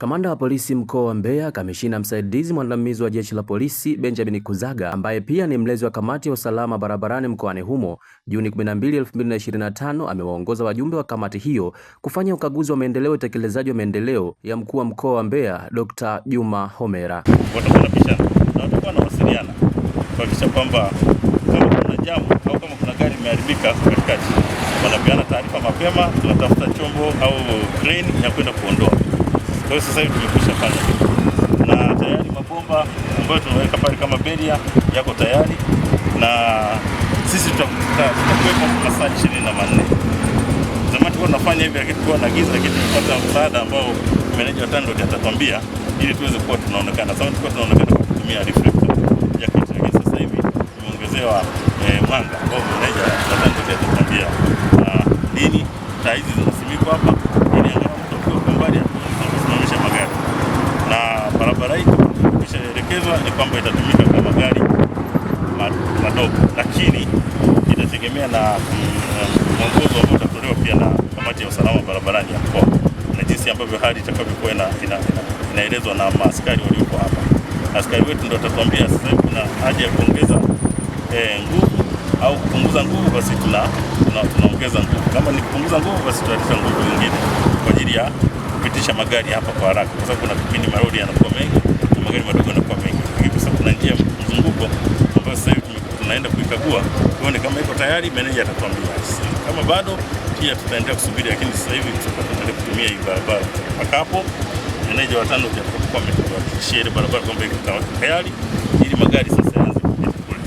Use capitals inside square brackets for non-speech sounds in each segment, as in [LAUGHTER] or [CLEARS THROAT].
Kamanda wa polisi mkoa wa Mbeya, kamishina msaidizi mwandamizi wa jeshi la polisi Benjamin Kuzaga, ambaye pia ni mlezi wa kamati ya usalama barabarani mkoani humo, Juni 12, 2025 amewaongoza wajumbe wa kamati hiyo kufanya ukaguzi wa maendeleo utekelezaji wa maendeleo ya mkuu wa mkoa wa Mbeya Dr. Juma Homera. Watakuwa nawasiliana kuhakikisha kwamba kama kuna jamu au kama kuna gari imeharibika katikati, wanapeana taarifa mapema, tunatafuta chombo au crane ya kwenda kuondoa kwa hiyo sasa hivi tumekwisha fanya na tayari mabomba ambayo tunaweka pale kama beria yako tayari, na sisi tutakuwepo masaa ishirini na manne. Zamani tulikuwa tunafanya hivi lakini tulikuwa na giza, lakini tumepata msaada ambao meneja wa TANROADS atatuambia ili tuweze kuwa tunaonekana. Zamani tulikuwa tunaonekana kwa kutumia reflector ya kiti, lakini sasa hivi tumeongezewa eh, mwanga ambao meneja wa TANROADS atatuambia lini taa hizi zinasimikwa hapa Ilipendekezwa ni kwamba itatumika kwa magari madogo, lakini itategemea na mm, um, mwongozo ambao utatolewa pia na kamati ya usalama barabarani ya mkoa na jinsi ambavyo hali itakavyokuwa ina, ina, ina, inaelezwa na maaskari walioko hapa. Askari wetu ndio watatuambia sasa kuna haja ya kuongeza eh, nguvu au kupunguza nguvu, basi tunaongeza tuna, tuna nguvu. Kama ni kupunguza nguvu, basi tutaleta nguvu nyingine kwa ajili ya kupitisha magari hapa kwa haraka, kwa sababu kuna kipindi malori yanakuwa mengi na magari madogo kuchukua, tuone kama iko tayari, meneja atatuambia. Kama bado pia tutaendelea kusubiri, lakini sasa hivi tutaendelea kutumia hii barabara pakapo meneja wa TANROADS atakapokuwa ametuhakikishia ile barabara kwamba iko tayari, ili magari sasa yaanze kupita kule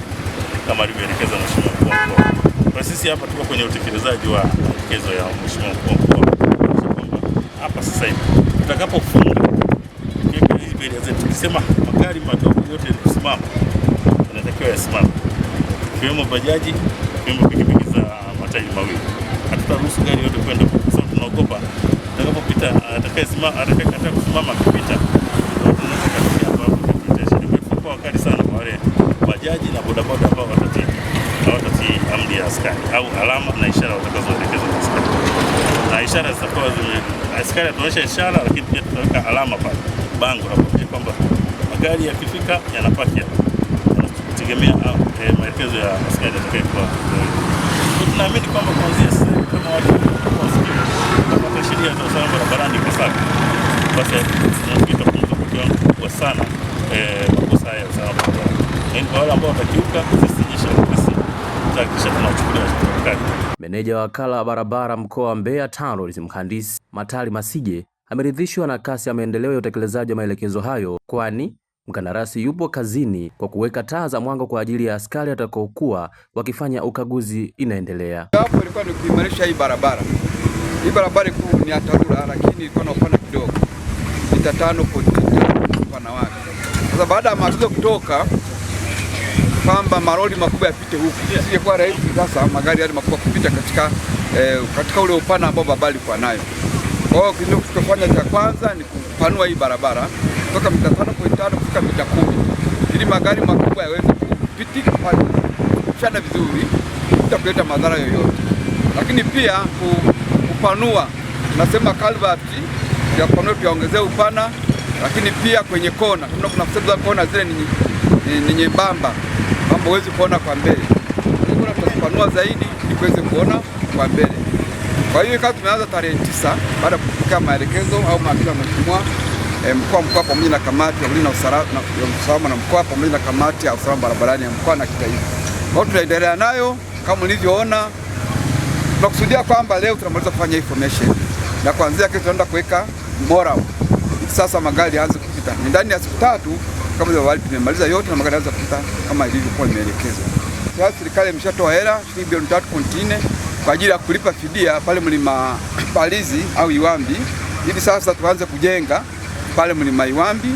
kama alivyoelekeza mheshimiwa mkuu wa mkoa. Kwa sisi hapa tuko kwenye utekelezaji wa maelekezo ya mheshimiwa mkuu wa mkoa kwamba hapa sasa hivi tutakapofunga hizi tukisema magari madogo yote yaliyosimama yanatakiwa yasimama ikiwemo bajaji, ikiwemo pikipiki za matairi mawili. Hatutaruhusu gari yote kwenda kwa sababu tunaogopa atakapopita, atakayekataa atakaye kusimama akipita wakali sana kwa wale bajaji na bodaboda ambao hawatatii amri ya askari au alama na ishara watakazoelekezwa na askari, na ishara zitakuwa zime askari ataonyesha ishara, lakini pia tutaweka alama pale, bango hapo kuonyesha kwamba magari yakifika yanapaki hapo kutegemea eh, maelekezo ya askari atakayekuwa. Tunaamini kwamba kuanzia sasa kama watu wasikivu kupata sheria za usalama barabarani kwa ipasavyo, basi tutapunguza kwa kiwango kikubwa sana eh, makosa haya ya usalama barabarani. Lakini kwa wale ambao watakiuka, sisi jeshi la polisi tutahakikisha tunawachukulia hatua. Meneja wa wakala wa barabara mkoa wa Mbeya TANROADS Mhandisi Matali Masije ameridhishwa na kasi ya maendeleo ya utekelezaji wa maelekezo hayo kwani Mkandarasi yupo kazini kwa kuweka taa za mwanga kwa ajili ya askari atakaokuwa wakifanya ukaguzi inaendelea. Hapo ilikuwa ni kuimarisha hii barabara. Hii barabara kuu ni ya TARURA lakini ilikuwa na upana kidogo. Mita tano tano upana wake. Sasa baada ya maagizo kutoka kwamba maroli makubwa yapite huku, isingekuwa rahisi sasa magari yale makubwa kupita katika eh, katika ule upana ambao barabara ilikuwa nayo. Kwa hiyo kilichofanya cha kwanza ni kupanua hii barabara kutoka mita tano kufika mita kumi ili magari makubwa yaweze kupitika pale chana vizuri bila kuleta madhara yoyote, lakini pia kupanua, tunasema culvert ya kupanua tuyaongezee upana, lakini pia kwenye kona, kuna kuna sehemu za kona zile ni, ni, ni nyembamba ambapo huwezi kuona kwa mbele, kuna tutapanua zaidi ili kuweze kuona kwa mbele. Kwa hiyo kama tumeanza tarehe tisa baada ya kupokea maelekezo au maagizo ya mheshimiwa e, mkoa wa pamoja na kamati ya ulinzi na usalama na mkoa pamoja na kamati ya usalama barabarani ya mkoa na kitaifa, Kwa hiyo tunaendelea nayo kama mlivyoona. Tunakusudia kwamba leo tunamaliza kufanya information na kuanzia kesho tunaenda kuweka moral sasa magari yaanze kupita ni ndani ya siku tatu, kama wali tumemaliza yote na magari yaanze kupita kama ilivyokuwa imeelekezwa. Sasa serikali imeshatoa hela shilingi bilioni 3.4 kwa ajili ya kulipa fidia pale mlima Palizi [COUGHS] au Iwambi. Hivi sasa tuanze kujenga pale mlima Iwambi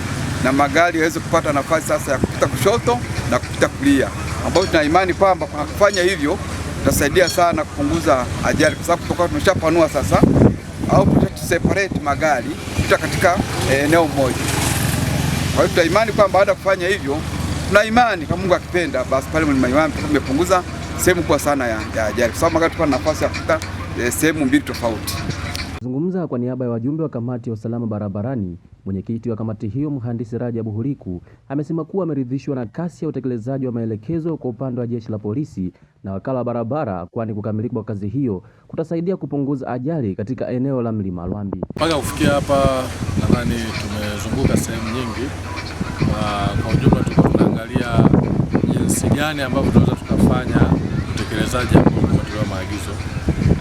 na magari yaweze kupata nafasi sasa ya kupita kushoto na kupita kulia, ambayo tuna imani kwamba kwa kufanya hivyo tutasaidia sana kupunguza ajali, kwa sababu tutakuwa tumeshapanua sasa au separate magari kuta katika eh, eneo eh, moja. Kwa hiyo tuna imani kwamba baada ya kufanya hivyo, tuna imani kama Mungu akipenda, basi pale mlima Iwambi tumepunguza sehemu kubwa sana ya ajali, kwa sababu magari tutakuwa na nafasi ya kupita eh, sehemu mbili tofauti. Akizungumza kwa niaba ya wajumbe wa kamati ya usalama barabarani, mwenyekiti wa kamati hiyo mhandisi Rajabu huriku amesema kuwa ameridhishwa na kasi ya utekelezaji wa maelekezo kwa upande wa jeshi la polisi na wakala wa barabara, kwani kukamilika kwa kazi hiyo kutasaidia kupunguza ajali katika eneo la mlima Lwambi. Mpaka kufikia hapa, nadhani tumezunguka sehemu nyingi. na Kwa ujumla, tuko tunaangalia jinsi gani ambavyo tunaweza tukafanya utekelezaji wa maagizo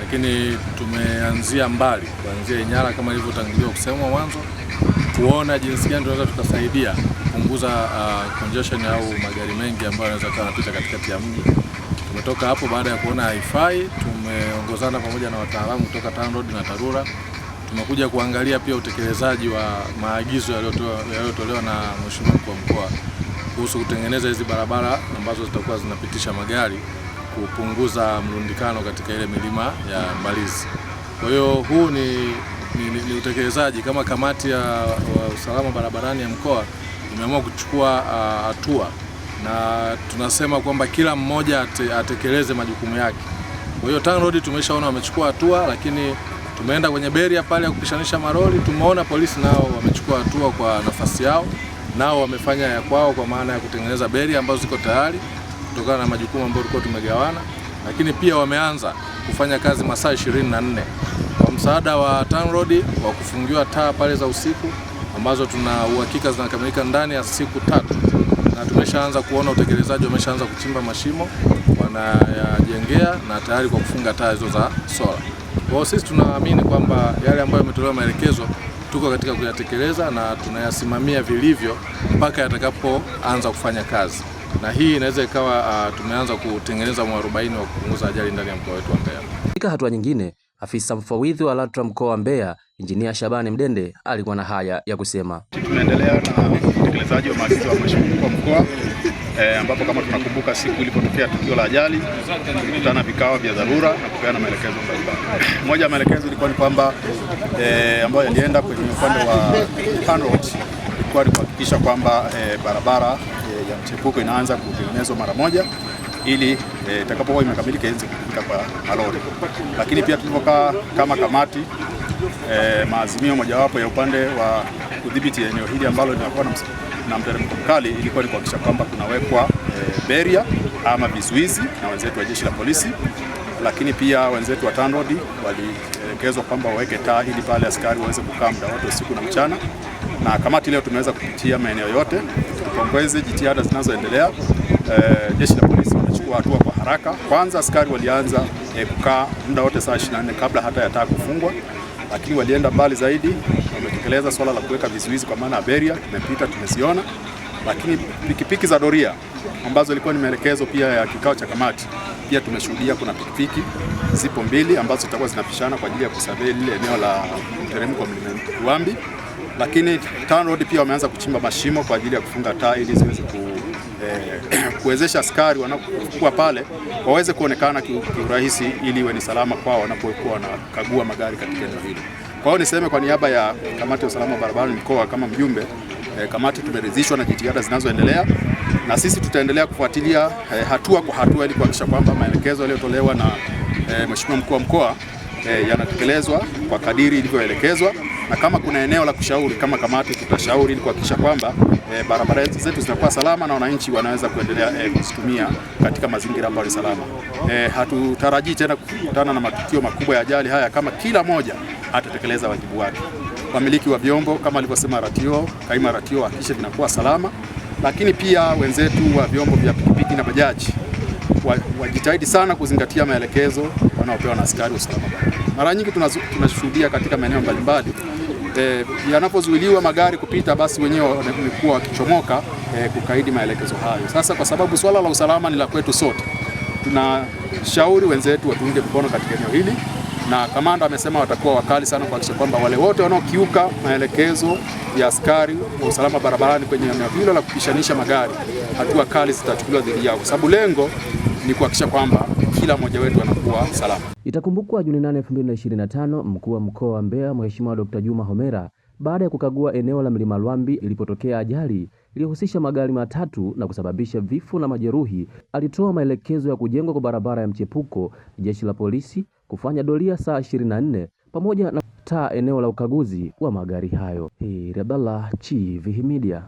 lakini tumeanzia mbali, kuanzia inyara kama ilivyotangulia kusema mwanzo, kuona jinsi gani tunaweza tukasaidia kupunguza uh, congestion au magari mengi ambayo yanaweza kuwa yanapita katikati ya mji. Tumetoka hapo baada ya kuona haifai, tumeongozana pamoja na wataalamu kutoka TANROADS na TARURA tumekuja kuangalia pia utekelezaji wa maagizo yaliyotolewa na Mheshimiwa Mkuu wa Mkoa kuhusu kutengeneza hizi barabara ambazo zitakuwa zinapitisha magari kupunguza mrundikano katika ile milima ya Mbalizi. Kwa hiyo huu ni, ni, ni, ni utekelezaji kama kamati ya wa usalama barabarani ya mkoa imeamua kuchukua hatua uh, na tunasema kwamba kila mmoja ate, atekeleze majukumu yake. Kwa hiyo TANROADS tumeshaona wamechukua hatua, lakini tumeenda kwenye beria pale ya kupishanisha maroli, tumeona polisi nao wamechukua hatua kwa nafasi yao, nao wamefanya ya kwao kwa maana ya kutengeneza beria ambazo ziko tayari kutokana na majukumu ambayo tulikuwa tumegawana, lakini pia wameanza kufanya kazi masaa 24 kwa msaada wa TANROADS wa kufungiwa taa pale za usiku ambazo tuna uhakika zinakamilika ndani ya siku tatu, na tumeshaanza kuona utekelezaji, wameshaanza kuchimba mashimo wanayajengea na tayari kwa kufunga taa hizo za sola. Kwa sisi tunaamini kwamba yale ambayo yametolewa maelekezo tuko katika kuyatekeleza na tunayasimamia vilivyo mpaka yatakapoanza kufanya kazi na hii inaweza ikawa uh, tumeanza kutengeneza mwarobaini wa kupunguza ajali ndani ya mkoa wetu wa Mbeya. Katika hatua nyingine, afisa mfawidhi wa LATRA mkoa wa Mbeya Injinia Shabani Mdende alikuwa na haya ya kusema. Tunaendelea na utekelezaji wa maagizo ya mheshimiwa kwa mkoa e, ambapo kama tunakumbuka siku ilipotokea tukio la ajali tulikutana vikao vya dharura na kupeana maelekezo mbalimbali. Moja ya maelekezo ilikuwa ni kwamba e, ambayo yalienda kwenye upande wa TANROADS ilikuwa ni kuhakikisha kwamba e, barabara e, ya mchepuko inaanza kutengenezwa mara moja ili eh, itakapokuwa e, imekamilika ianze kupita kwa malori. Lakini pia tulipokaa kama kamati e, maazimio mojawapo ya upande wa kudhibiti eneo hili ambalo linakuwa na mteremko mkali ilikuwa ni kuhakikisha kwamba kunawekwa e, beria ama vizuizi na wenzetu wa jeshi la polisi, lakini pia wenzetu wa TANROADS walielekezwa kwamba waweke taa ili pale askari waweze kukaa muda wote usiku na mchana na kamati leo tumeweza kupitia maeneo yote tukongeze jitihada zinazoendelea. E, jeshi la polisi wanachukua hatua kwa haraka. Kwanza askari walianza e, kukaa muda wote saa 24 kabla hata ya taa kufungwa, lakini walienda mbali zaidi, wametekeleza swala la kuweka vizuizi kwa maana ya beria, tumepita tumeziona, lakini pikipiki za doria ambazo ilikuwa ni maelekezo pia ya kikao cha kamati, pia tumeshuhudia kuna pikipiki zipo mbili ambazo zitakuwa zinapishana kwa ajili ya kusurvey lile eneo la mteremko wa Mlima Ruambi lakini TANROADS pia wameanza kuchimba mashimo kwa ajili ya kufunga taa ili ziweze ku, eh, [CLEARS THROAT] kuwezesha askari wanapokuwa pale waweze kuonekana kiurahisi ili iwe ni salama kwao wanapokuwa wanakagua magari katika eneo hilo. Kwa hiyo niseme kwa niaba ya kamati ya usalama wa barabarani mkoa kama mjumbe eh, kamati tumeridhishwa na jitihada zinazoendelea na sisi tutaendelea kufuatilia eh, hatua kwa hatua ili kuhakikisha kwamba maelekezo yaliyotolewa na eh, Mheshimiwa mkuu wa mkoa eh, yanatekelezwa kwa kadiri ilivyoelekezwa na kama kuna eneo la kushauri kama kamati, tutashauri ili kuhakikisha kwamba e, barabara zetu zinakuwa salama na wananchi wanaweza kuendelea e, kuzitumia katika mazingira ambayo ni salama. E, hatutarajii tena kukutana na matukio makubwa ya ajali haya kama kila moja atatekeleza wajibu wake. Wamiliki wa vyombo kama alivyosema ratio, kaima ratio, hakikisha vinakuwa salama, lakini pia wenzetu wa vyombo vya pikipiki na bajaji wajitahidi sana kuzingatia maelekezo wanaopewa na askari usalama Mara nyingi tunashuhudia katika maeneo mbalimbali e, yanapozuiliwa magari kupita, basi wenyewe wamekuwa wakichomoka e, kukaidi maelekezo hayo. Sasa kwa sababu swala la usalama ni la kwetu sote, tunashauri wenzetu watuunge mkono katika eneo hili, na kamanda amesema watakuwa wakali sana kuhakikisha kwamba wale wote wanaokiuka maelekezo ya askari wa usalama barabarani kwenye eneo hilo la kupishanisha magari, hatua kali zitachukuliwa dhidi yao, kwa sababu lengo ni kuhakikisha kwamba kila mmoja wetu anakuwa salama. Itakumbukwa Juni 8, 2025 mkuu wa mkoa wa Mbeya Mheshimiwa Dr. Juma Homera baada ya kukagua eneo la Mlima Lwambi ilipotokea ajali iliyohusisha magari matatu na kusababisha vifo na majeruhi, alitoa maelekezo ya kujengwa kwa barabara ya mchepuko, jeshi la polisi kufanya doria saa 24 pamoja na taa eneo la ukaguzi wa magari hayo. Hii Rabala Chivihi Media.